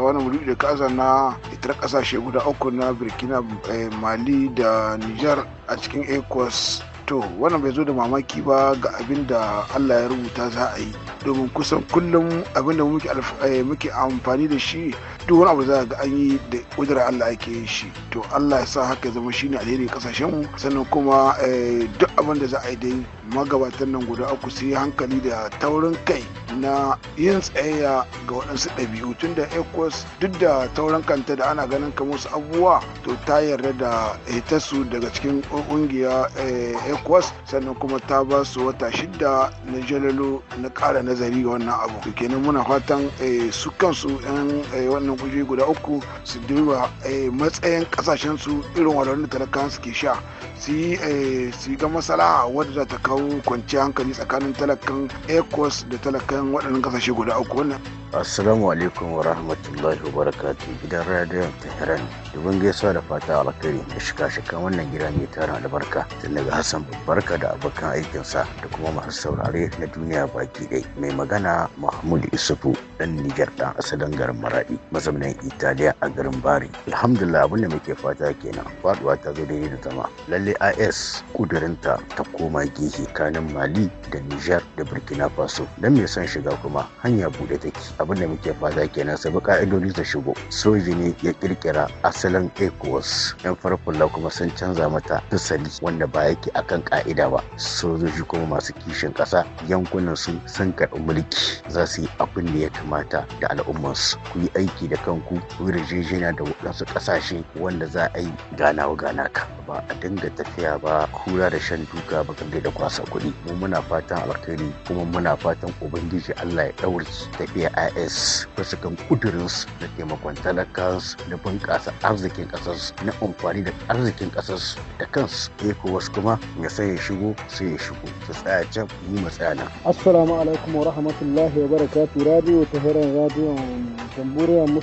Speaker 11: wani mulki da kasa na itar kasashe guda uku na Burkina eh, Mali da Nijar a cikin ECOWAS to wannan bai zo da mamaki ba ga abin da allah ya rubuta za a yi domin kusan kullum abin da muke eh, amfani da shi duk wani abu za ga an yi da kudura Allah ake yin shi to Allah ya sa haka zama shine alheri kasashen mu sannan kuma eh, duk abin da za a yi dai magabatan nan guda uku su yi hankali da taurin kai na yin tsayayya ga waɗansu ɗabi'u tun da ecos duk da taurin kanta da ana ganin kamar su abubuwa to ta yarda da ita su daga cikin ƙungiya eh, ecos sannan kuma ta ba su wata shidda na jalalo na ƙara nazari ga wannan abu kenan muna fatan eh, su kansu 'yan wannan guri guda uku su duba eh, matsayin kasashen su irin wadannan da suke sha su yi eh, ga masalaha wadda za ta kawo kwanciyar hankali tsakanin talakan ecos da talakan waɗannan kasashe guda uku wannan
Speaker 12: assalamu alaikum wa rahmatullahi wa barakatu gidan radiyon tehran dubin gaisuwa da fata alkhairi da shika-shikan wannan gida mai tarin albarka tun daga hassan barka da abokan aikinsa da kuma masu saurare na duniya baki ɗaya mai magana mahmud isufu dan nijar dan asalin garin maradi mazaunin Italiya a garin Bari. Alhamdulillah abin da muke fata kenan faduwa ta zo daidai da zama. Lalle IS kudurinta ta koma gehe kanin Mali da Niger da Burkina Faso. Dan mai son shiga kuma hanya bude take. Abin da muke fata kenan sabu ka'idodi ta shigo. Soji ne ya kirkira asalin ECOWAS. Yan farfulla kuma sun canza mata fasali wanda ba yake akan ka'ida ba. Sojoji kuma masu kishin ƙasa yankunan su sun karɓi mulki za su yi abin da ya kamata da al'ummarsu ku yi aiki da da kanku da yarjejeniya da waɗansu kasashe wanda za a yi wa gana ka ba a dinga tafiya ba kura da shan duka ba kan da kwasa kuɗi mu muna fatan alkhairi kuma muna fatan ubangiji Allah ya ɗaurci tafiya IS bisa kan kudurinsu da taimakon talakansu da bunƙasa arzikin ƙasarsu na amfani da arzikin ƙasarsu da kansu wasu kuma ya sai ya shigo sai ya shigo su tsaya can mu mu tsaya nan.
Speaker 13: Assalamu alaikum wa rahmatullahi wa barakatuh radio ta radio radiyon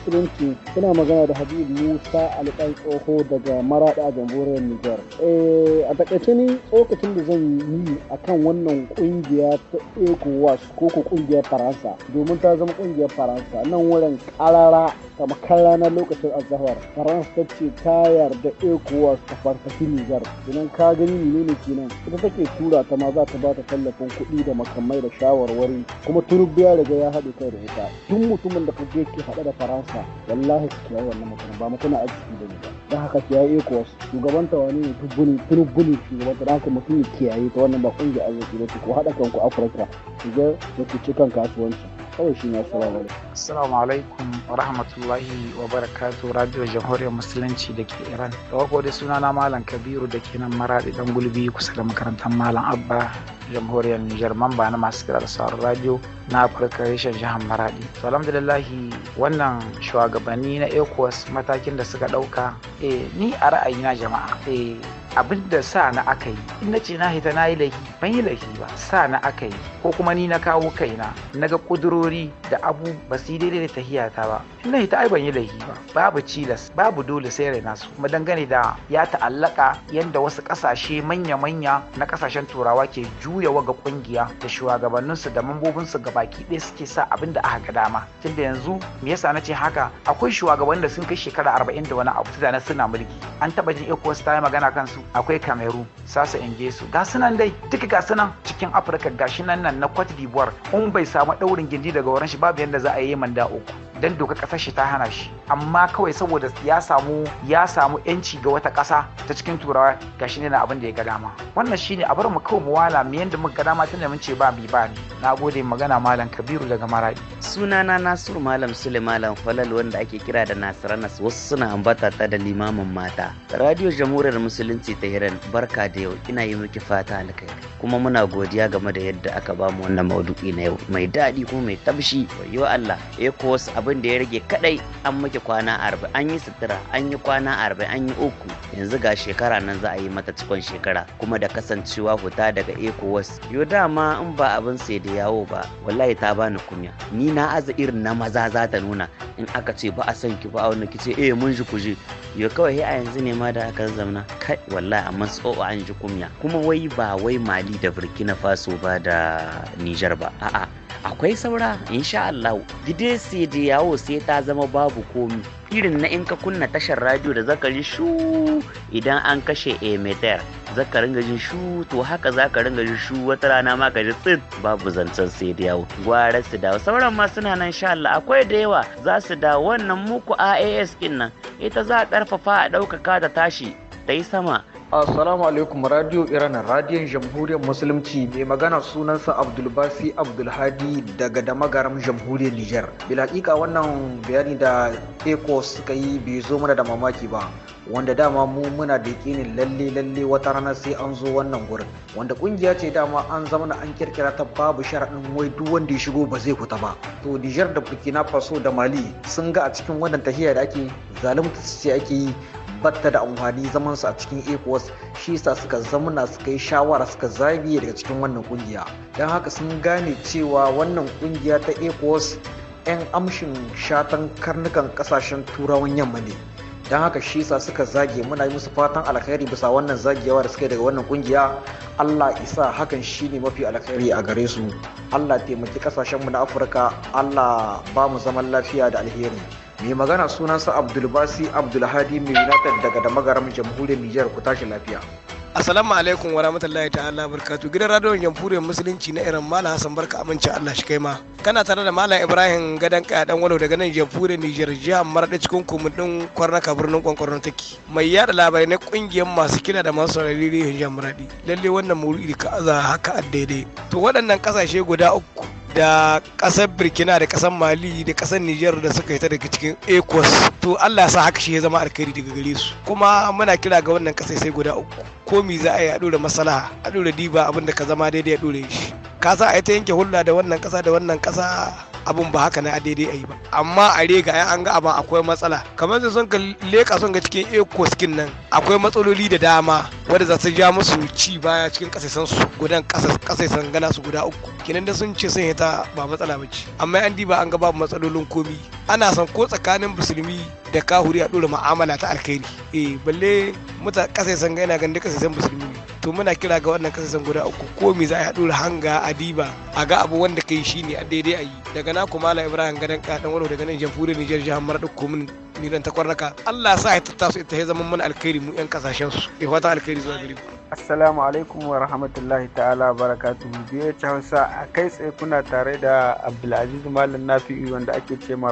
Speaker 13: musulunci suna magana da habib musa alƙan tsoho daga maraɗa jamhuriyar nijar eh, a takaice ni tsokacin da zan yi a kan wannan ƙungiya ta ecowas ko ko ƙungiyar faransa domin ta zama ƙungiyar faransa nan wurin karara kamar na lokacin azahar faransa ta ce ta yarda ecowas ta farfashi nijar idan ka gani ne menene kenan ita take tura ta ma za ta ba ta tallafin kuɗi da makamai da shawarwari kuma turubiya daga ya haɗe kai da ita tun mutumin da kaje ke haɗe da faransa ta wallahi su kiyaye wannan mutane ba mutuna arziki da ba don haka kiyaye ecowas shugaban ta wani ne tubuli tubuli shugaban ta haka mutum ya kiyaye ta wannan ba kungiyar arziki ba ko haɗa kanku afirka ku ga ku ci kan kasuwanci kawai
Speaker 14: assalamu alaikum wa rahmatullahi wa barakatuh radio jamhuriyar musulunci da ke iran da wako dai suna na malam kabiru da ke nan maraɗi dan gulbi kusa da makarantar malam abba jamhuriyar nijar mamba na masu kira da sauran radio na afirka reshen jihar Maraɗi. to alhamdulillahi wannan shugabanni na ecos matakin da suka ɗauka eh ni a ra'ayina jama'a eh abin da sa na aka yi in na ce na hita na yi laifi ban yi laifi ba sa na aka yi ko kuma ni na kawo kaina na ga kudurori da abu ba su yi daidai da tahiyata ba in na hita ai ban yi laifi ba babu cilas babu dole sai rai nasu. kuma dangane da ya ta'allaka yadda wasu kasashe manya-manya na kasashen turawa ke juyawa ga kungiya da shugabanninsu da mambobinsu ga baki ɗaya suke sa abin da aka ga dama tunda yanzu me yasa na ce haka akwai shugabannin da sun kai shekara arba'in da wani abu tunda suna mulki an taɓa jin su ta magana kansu akwai kameru sasa ingesu gasu nan dai duka gasu nan cikin afirka gashi nan nan na cote d'ivoire in bai samu daurin gindi daga wurin shi babu yadda za a yi manda uku dan dokar kasar shi ta hana shi amma kawai saboda ya samu ya samu yanci ga wata kasa ta cikin turawa gashi ne na abin da ya ga dama wannan shine a bar mu kawai mu wala mu yanda muka ga dama tunda mun ce ba bi ba ne nagode magana malam
Speaker 15: kabiru daga maradi sunana nasiru malam sule malam falal wanda ake kira da nasiranas wasu suna ambata ta da limamin mata radio jamhuriyar musulunci ta hiran barka da yau ina yi miki fata alkhairi kuma muna godiya game da yadda aka ba mu wannan maudu'i na yau mai daɗi kuma mai tabshi wayo Allah eh ko wasu abin da ya rage kadai an miki kwana arba an yi sutura an yi kwana arba an yi uku yanzu ga shekara nan za a yi mata cikon shekara kuma da kasancewa huta daga ecowas yo dama in ba abin sai da yawo ba wallahi ta bani kunya ni na aza irin na maza za ta nuna in aka ce ba a son ki ba a wani kice eh mun ji kuje yo kawai a yanzu ne ma da aka zamna kai wallahi amma tso an ji kunya kuma wai ba wai mali da burkina faso ba da nijar ba a'a akwai saura insha Allah dide sai da yawo sai ta zama babu komi irin na in ka kunna tashar radio da zaka ji shu idan an kashe emeter zaka ringa jin shu to haka zaka ringa jin shu wata rana ma ka ji tsit babu zancen sai da yawo gwara su dawo sauran ma suna nan insha Allah akwai da yawa za su dawo wannan muku AAS din nan ita za a karfafa a ɗaukaka ta tashi ta yi sama Assalamu alaikum Radio
Speaker 13: Iran Radiyon Jamhuriyar Musulunci mai magana sunansa Abdulbasi Abdulhadi daga damagaram Jamhuriyar Nijar. Bilaƙiƙa wannan bayani da Eko suka yi bai zo mana da mamaki ba. Wanda dama mu muna da yakinin lalle lalle wata rana sai an zo wannan gurin. Wanda ƙungiya ce dama an zama na an kirkira ta babu sharaɗin wai duk wanda ya shigo ba zai fita ba. To Nijar da Burkina Faso da Mali sun ga a cikin wannan tahiya da ake zalunta ce ake yi batta da amfani zaman su a cikin Ecos shi sa suka zamuna suka yi shawara suka zabiye daga cikin wannan kungiya don haka sun gane cewa wannan kungiya ta Ecos, 'yan amshin shatan karnukan kasashen turawan yamma ne don haka shi sa suka zage muna yi musu fatan alkhairi bisa wannan zagewa da suka yi daga wannan kungiya allah isa hakan shi ne mafi alkhairi a gare su allah taimaki kasashenmu na afirka allah ba mu zaman lafiya da alheri mai magana sunansa abdulbasi abdulhadi mai united daga da magaram jamhuriyar nijar ku tashi lafiya
Speaker 16: Assalamu alaikum wa rahmatullahi ta'ala barkatu gidan radon jamhuriyar musulunci na irin Malam Hassan barka amince Allah shi kai ma kana tare da Malam Ibrahim gadan kaya dan walo daga nan jamhuriyar Nijar jihar maraɗa cikin kumin din kwarnaka birnin kwankwaron take mai yada labarai na kungiyar masu kira da masu saurari rihin jihar lalle wannan muridi ka aza haka daidai to waɗannan kasashe guda uku da kasar burkina da kasar mali da kasar niger da suka hita daga cikin ecos to allah sa haka shi ya zama alkhairi daga gare su kuma muna kira ga wannan kasai sai guda uku komi za a yi a ɗora maslaha a ɗora diba abinda ka zama daidai a ɗora shi ka sa a yi ta yanke hulɗa da wannan kasa da wannan kasa Abun ba haka na a daidai a yi ba amma a rega ya an ga ba akwai matsala kamar da sun ka leka sun ga cikin eco skin nan akwai matsaloli da dama wadda za su ja musu ci baya cikin kasaisan su gudan kasaisan gana su guda uku kinan da sun ce sun ta ba matsala ba ce amma an diba an ga babu matsalolin komi ana son ko tsakanin musulmi da kahuri a dora ma'amala ta alkhairi eh balle mutan kasaisan ga yana ganin kasaisan musulmi to muna kira ga wannan kasashen guda uku ko me za a haɗu hanga a diba a ga abu wanda kai shi ne a daidai a yi daga na kuma ibrahim gadon kaɗan wani daga nan jamhuriyar nijar jihar maraɗa komin dan takwarraka
Speaker 6: allah sa ya tattasu ita ya zama mana alkhairi mu yan kasashen su ya fata alkhairi zuwa gari assalamu alaikum wa rahmatullahi ta'ala barakatuhu biyo hausa a kai tsaye kuna tare da abdulaziz malam nafi'i wanda ake ce ma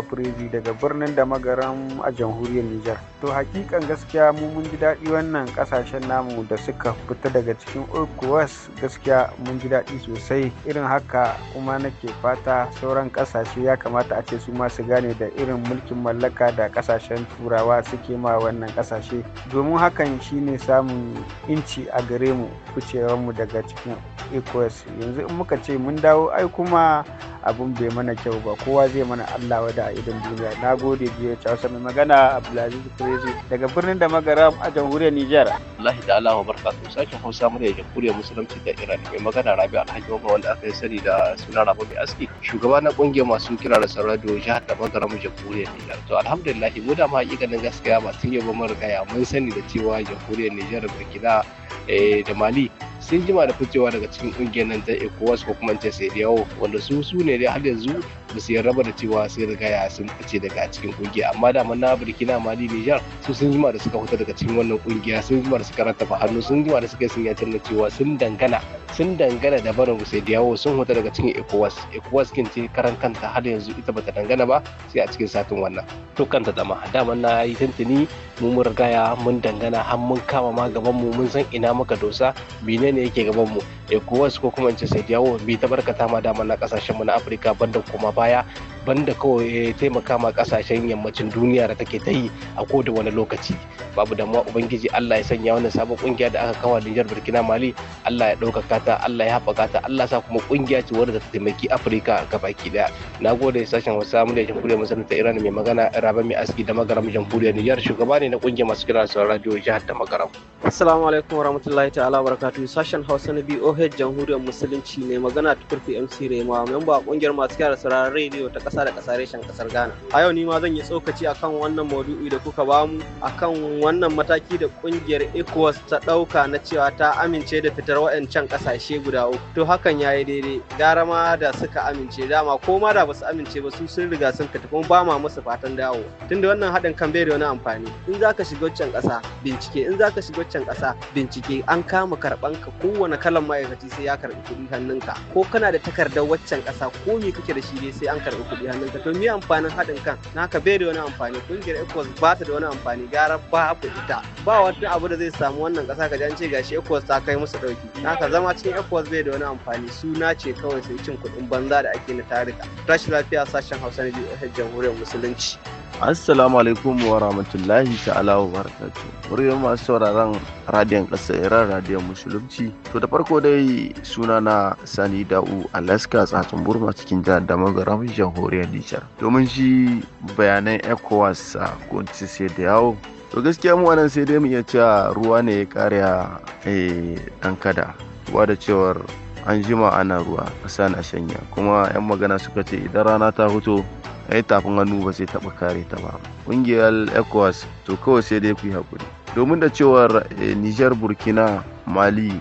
Speaker 6: daga birnin da magaram a jamhuriyar nijar to hakikan gaskiya mu mun ji daɗi wannan ƙasashen namu da suka fita daga cikin ecowas gaskiya mun ji daɗi sosai irin haka kuma nake fata sauran ƙasashe ya kamata a ce su ma su gane da irin mulkin mallaka da ƙasashen turawa suke ma wannan ƙasashe domin hakan shine samun inci a gare mu ficewarmu daga cikin ecowas yanzu in muka ce mun dawo ai kuma abun bai mana kyau ba kowa zai mana Allah wada a idan duniya na gode biyo ta mai magana Abdulaziz Crazy daga birnin da magara a jamhuriyar Nijar
Speaker 5: Allah da Allah wa barka to sake Hausa mu da jamhuriyar musulunci da Iran mai magana Rabi Alhaji wanda aka yi sani da sunan Rabi Mai Aski shugaba na kungiyar masu kira da sarado jihar da mu jamhuriyar Nijar to alhamdulillah mu da ma haƙiƙanin gaskiya ba tun yau ba mun riga mun sani da cewa jamhuriyar Nijar Burkina Eh, da mali sun jima da ficewa daga cikin ƙungiyar nan ta ecowas ko kuma ce yawo wanda su su ne dai har yanzu ba su raba da cewa sai ya sun fice daga cikin ƙungiya amma da na burkina mali niger su sun jima da suka fita daga cikin wannan ƙungiya sun jima da suka rattafa hannu sun jima da suka sun yatar da cewa sun dangana sun dangana da barin sai yawo sun fita daga cikin ecowas ecowas kin ce karan kanta har yanzu ita bata dangana ba sai a cikin satin wannan to kanta dama daman na yi tantani mu mun rigaya mun dangana har mun kama ma gaban mu mun san ina muka dosa ne yake gaban mu ecowas eh, ko kuma in ce sai ta tabarkata ma dama na kasashen mu na afirka banda kuma baya banda kawai ya taimaka ma kasashen yammacin duniya da take ta yi a koda wani lokaci babu damuwa ubangiji Allah ya sanya wannan sabon kungiya da aka kawo Nijar Burkina Mali Allah ya ɗaukaka ta Allah ya haɓaka ta Allah sa kuma kungiya ce wadda ta taimaki Afirka gabaki daya nagode sashen wasa mu da jamhuriyar masarautar Iran mai magana Rabe mai aski da magaram jamhuriyar Nijar shugaba ne na kungiyar masu kira sauran radio jihar da magaram Assalamu alaikum warahmatullahi ta'ala barakatuhu sashen Hausa na BOH jamhuriyar musulunci ne magana tukurfi MC Rema memba kungiyar masu kira sauran radio
Speaker 15: ta ƙasa da ƙasa reshen ƙasar
Speaker 5: Ghana. A yau ni ma zan yi tsokaci akan wannan maudu'i da kuka bamu akan wannan mataki da ƙungiyar ECOWAS ta ɗauka na cewa ta amince da fitar waɗancan ƙasashe guda uku. To hakan ya yi daidai gara ma da suka amince dama ko ma da basu amince ba su sun riga sun fita kuma ba ma musu fatan dawo. Tunda wannan haɗin kan bai da wani amfani. In za ka shiga waccan ƙasa bincike in za ka shiga waccan ƙasa bincike an kama karɓan ka kowane kalan ma'aikaci sai ya karɓi kuɗi hannunka ko kana da takardar waccan ƙasa ko me kake da shi sai an karɓi kuɗi. hannun ta to me amfanin haɗin kan na ka bai da wani amfani kungiyar ecos ba ta da wani amfani gara babu ita ba wata abu da zai samu wannan ƙasa ka jance gashi ecos ta kai musu ɗauki na ka zama cikin ecos bai da wani amfani suna ce kawai sai cin kuɗin banza da ake na tarika rashin lafiya sashen Hausa na biyu jamhuriyar musulunci.
Speaker 17: Assalamu alaikum wa rahmatullahi ta'ala wa barakatu. Muryar masu sauraron radiyon ƙasar Iran radiyon Musulunci. To da farko dai suna na Sani Da'u Alaska tsatsun Burma cikin jihar Damagaram jamhuriyar jamhuriyar nijar domin shi bayanan ecowas a kunci sai da yawo to gaskiya mu anan sai dai mu iya cewa ruwa ne ya kare a dan eh, kada ba da cewar an jima ana ruwa ƙasa na shanya kuma 'yan magana suka ce idan rana ta fito yi tafin hannu ba sai taɓa kare ta ba ƙungiyar ecowas to kawai sai dai ku yi haƙuri domin da cewar eh, nijar burkina mali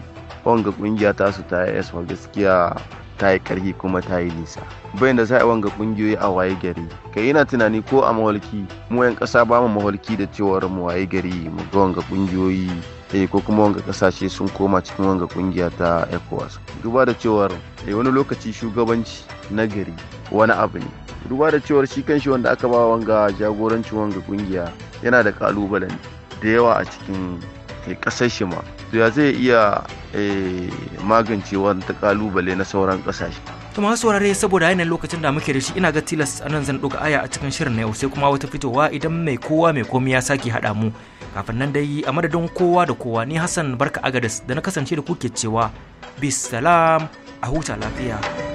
Speaker 17: wanga ƙungiya tasu ta yas gaskiya ta yi karhi kuma ta yi nisa bayan da za a wanga kungiyoyi a waye gari kai yana tunani ko a mawalki mu yan kasa ba mu mawalki da cewar mu waye gari mu ga wanga kungiyoyi eh ko kuma wanga kasashe sun koma cikin wanga kungiya ta ECOWAS duba da cewar eh wani lokaci shugabanci na gari wani abu ne duba da cewar shi kanshi wanda aka ba wanga jagorancin wanga kungiya yana da kalubalen da yawa a cikin kasar eh, ma to ya zai iya eh, magance wata kalubale na sauran kasashe
Speaker 1: to masu saurare saboda yanayin lokacin da muke da shi ina ga tilas anan zan ɗauka aya a cikin shirin na yau sai kuma wata fitowa idan mai kowa mai komi ya sake haɗa mu kafin nan dai a madadin kowa da kowa ni hassan barka agadas da na kasance da kuke cewa bisalam a huta lafiya